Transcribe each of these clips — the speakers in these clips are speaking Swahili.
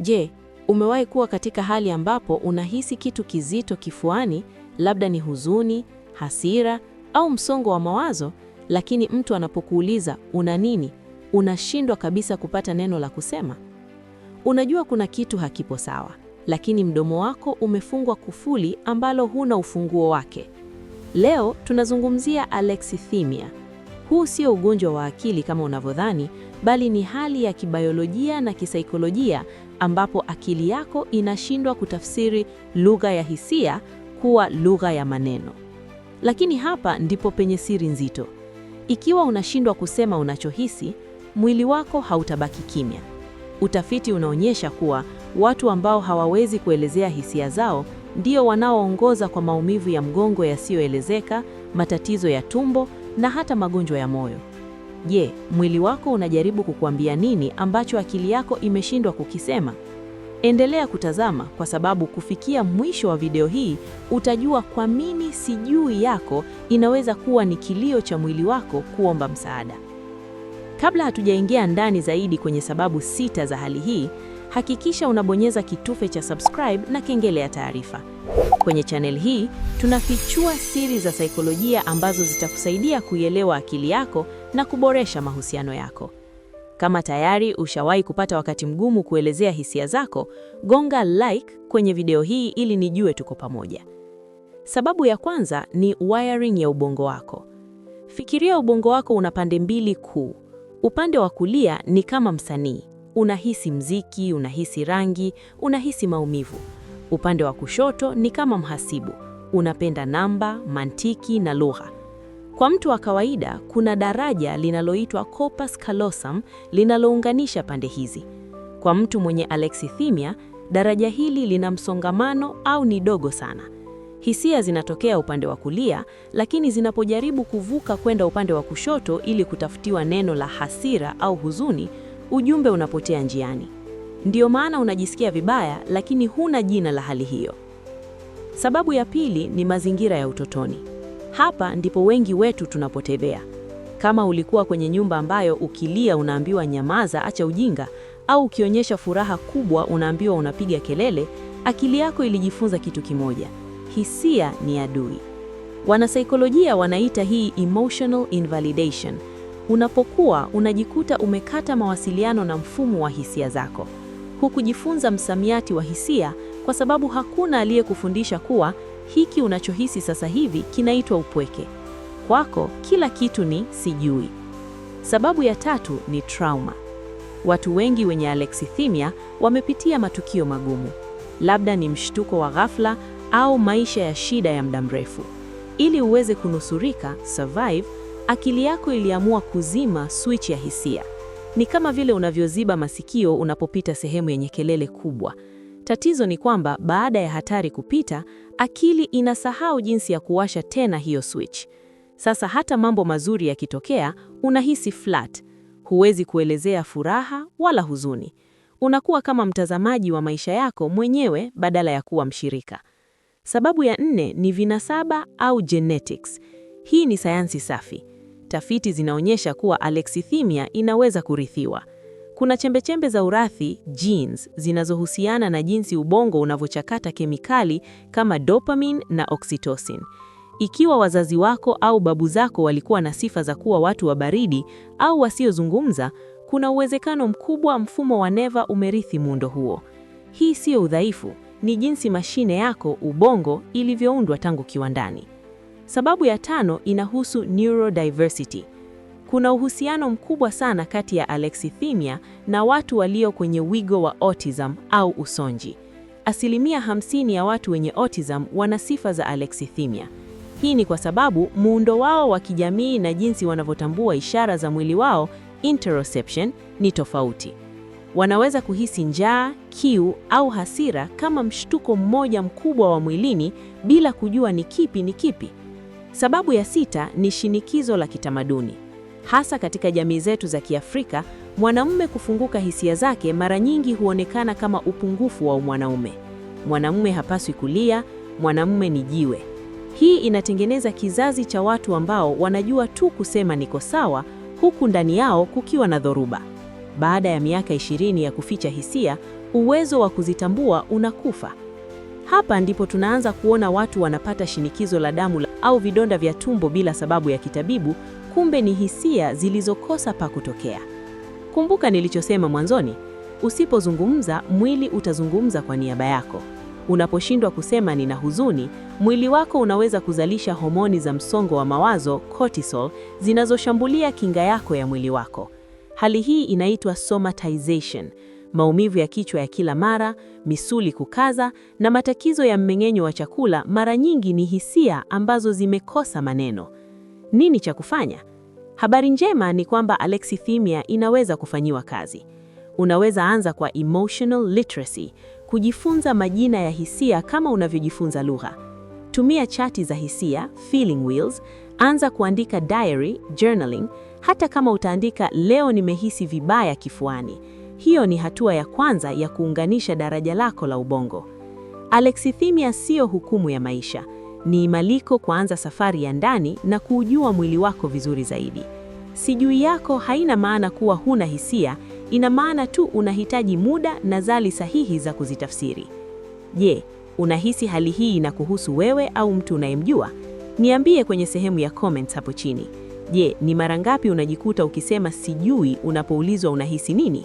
Je, umewahi kuwa katika hali ambapo unahisi kitu kizito kifuani, labda ni huzuni, hasira au msongo wa mawazo, lakini mtu anapokuuliza una nini, unashindwa kabisa kupata neno la kusema? Unajua kuna kitu hakipo sawa, lakini mdomo wako umefungwa kufuli ambalo huna ufunguo wake. Leo tunazungumzia alexithymia. Huu sio ugonjwa wa akili kama unavyodhani, bali ni hali ya kibayolojia na kisaikolojia ambapo akili yako inashindwa kutafsiri lugha ya hisia kuwa lugha ya maneno. Lakini hapa ndipo penye siri nzito. Ikiwa unashindwa kusema unachohisi, mwili wako hautabaki kimya. Utafiti unaonyesha kuwa watu ambao hawawezi kuelezea hisia zao ndio wanaoongoza kwa maumivu ya mgongo yasiyoelezeka, matatizo ya tumbo na hata magonjwa ya moyo. Je, mwili wako unajaribu kukuambia nini ambacho akili yako imeshindwa kukisema? Endelea kutazama kwa sababu kufikia mwisho wa video hii utajua kwa nini sijui yako inaweza kuwa ni kilio cha mwili wako kuomba msaada. Kabla hatujaingia ndani zaidi kwenye sababu sita za hali hii, hakikisha unabonyeza kitufe cha subscribe na kengele ya taarifa. Kwenye channel hii tunafichua siri za saikolojia ambazo zitakusaidia kuielewa akili yako na kuboresha mahusiano yako. Kama tayari ushawahi kupata wakati mgumu kuelezea hisia zako, gonga like kwenye video hii ili nijue tuko pamoja. Sababu ya kwanza ni wiring ya ubongo wako. Fikiria ubongo wako una pande mbili kuu. Upande wa kulia ni kama msanii, Unahisi mziki, unahisi rangi, unahisi maumivu. Upande wa kushoto ni kama mhasibu, unapenda namba, mantiki na lugha. Kwa mtu wa kawaida kuna daraja linaloitwa corpus callosum linalounganisha pande hizi. Kwa mtu mwenye alexithymia, daraja hili lina msongamano au ni dogo sana. Hisia zinatokea upande wa kulia, lakini zinapojaribu kuvuka kwenda upande wa kushoto ili kutafutiwa neno la hasira au huzuni, ujumbe unapotea njiani. Ndiyo maana unajisikia vibaya, lakini huna jina la hali hiyo. Sababu ya pili ni mazingira ya utotoni. Hapa ndipo wengi wetu tunapotebea. Kama ulikuwa kwenye nyumba ambayo ukilia unaambiwa nyamaza, acha ujinga, au ukionyesha furaha kubwa unaambiwa unapiga kelele, akili yako ilijifunza kitu kimoja: hisia ni adui. Wanasaikolojia wanaita hii emotional invalidation, Unapokuwa unajikuta umekata mawasiliano na mfumo wa hisia zako. Hukujifunza msamiati wa hisia kwa sababu hakuna aliyekufundisha kuwa hiki unachohisi sasa hivi kinaitwa upweke. Kwako kila kitu ni sijui. Sababu ya tatu ni trauma. Watu wengi wenye alexithymia wamepitia matukio magumu, labda ni mshtuko wa ghafla au maisha ya shida ya muda mrefu. Ili uweze kunusurika survive Akili yako iliamua kuzima switch ya hisia. Ni kama vile unavyoziba masikio unapopita sehemu yenye kelele kubwa. Tatizo ni kwamba baada ya hatari kupita, akili inasahau jinsi ya kuwasha tena hiyo switch. Sasa hata mambo mazuri yakitokea, unahisi flat. Huwezi kuelezea furaha wala huzuni. Unakuwa kama mtazamaji wa maisha yako mwenyewe badala ya kuwa mshirika. Sababu ya nne ni vinasaba au genetics. Hii ni sayansi safi tafiti zinaonyesha kuwa alexithymia inaweza kurithiwa. Kuna chembechembe za urathi genes zinazohusiana na jinsi ubongo unavyochakata kemikali kama dopamine na oxytocin. Ikiwa wazazi wako au babu zako walikuwa na sifa za kuwa watu wa baridi au wasiozungumza, kuna uwezekano mkubwa mfumo wa neva umerithi muundo huo. Hii siyo udhaifu, ni jinsi mashine yako ubongo ilivyoundwa tangu kiwandani. Sababu ya tano inahusu neurodiversity. Kuna uhusiano mkubwa sana kati ya alexithymia na watu walio kwenye wigo wa autism au usonji. Asilimia 50 ya watu wenye autism wana sifa za alexithymia. Hii ni kwa sababu muundo wao wa kijamii na jinsi wanavyotambua ishara za mwili wao, interoception, ni tofauti. Wanaweza kuhisi njaa, kiu au hasira kama mshtuko mmoja mkubwa wa mwilini bila kujua ni kipi ni kipi. Sababu ya sita ni shinikizo la kitamaduni. Hasa katika jamii zetu za Kiafrika, mwanamume kufunguka hisia zake mara nyingi huonekana kama upungufu wa mwanaume. Mwanamume hapaswi kulia, mwanamume ni jiwe. Hii inatengeneza kizazi cha watu ambao wanajua tu kusema niko sawa, huku ndani yao kukiwa na dhoruba. Baada ya miaka ishirini ya kuficha hisia, uwezo wa kuzitambua unakufa. Hapa ndipo tunaanza kuona watu wanapata shinikizo la damu au vidonda vya tumbo bila sababu ya kitabibu, kumbe ni hisia zilizokosa pa kutokea. Kumbuka nilichosema mwanzoni, usipozungumza mwili utazungumza kwa niaba yako. Unaposhindwa kusema nina huzuni, mwili wako unaweza kuzalisha homoni za msongo wa mawazo cortisol, zinazoshambulia kinga yako ya mwili wako. Hali hii inaitwa somatization maumivu ya kichwa ya kila mara, misuli kukaza na matatizo ya mmeng'enyo wa chakula mara nyingi ni hisia ambazo zimekosa maneno. Nini cha kufanya? Habari njema ni kwamba alexithymia inaweza kufanyiwa kazi. Unaweza anza kwa emotional literacy, kujifunza majina ya hisia kama unavyojifunza lugha. Tumia chati za hisia, feeling wheels, anza kuandika diary, journaling, hata kama utaandika leo nimehisi vibaya kifuani. Hiyo ni hatua ya kwanza ya kuunganisha daraja lako la ubongo. Alexithymia siyo hukumu ya maisha, ni imaliko kuanza safari ya ndani na kuujua mwili wako vizuri zaidi. Sijui yako haina maana kuwa huna hisia, ina maana tu unahitaji muda na zali sahihi za kuzitafsiri. Je, unahisi hali hii inakuhusu wewe au mtu unayemjua? Niambie kwenye sehemu ya comments hapo chini. Je, ni mara ngapi unajikuta ukisema sijui unapoulizwa unahisi nini?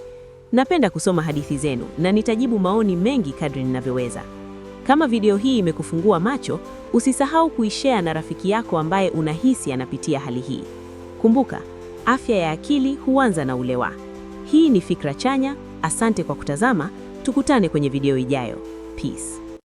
Napenda kusoma hadithi zenu na nitajibu maoni mengi kadri ninavyoweza. Kama video hii imekufungua macho, usisahau kuishare na rafiki yako ambaye unahisi anapitia hali hii. Kumbuka, afya ya akili huanza na ulewa. Hii ni Fikra Chanya. Asante kwa kutazama, tukutane kwenye video ijayo. Peace.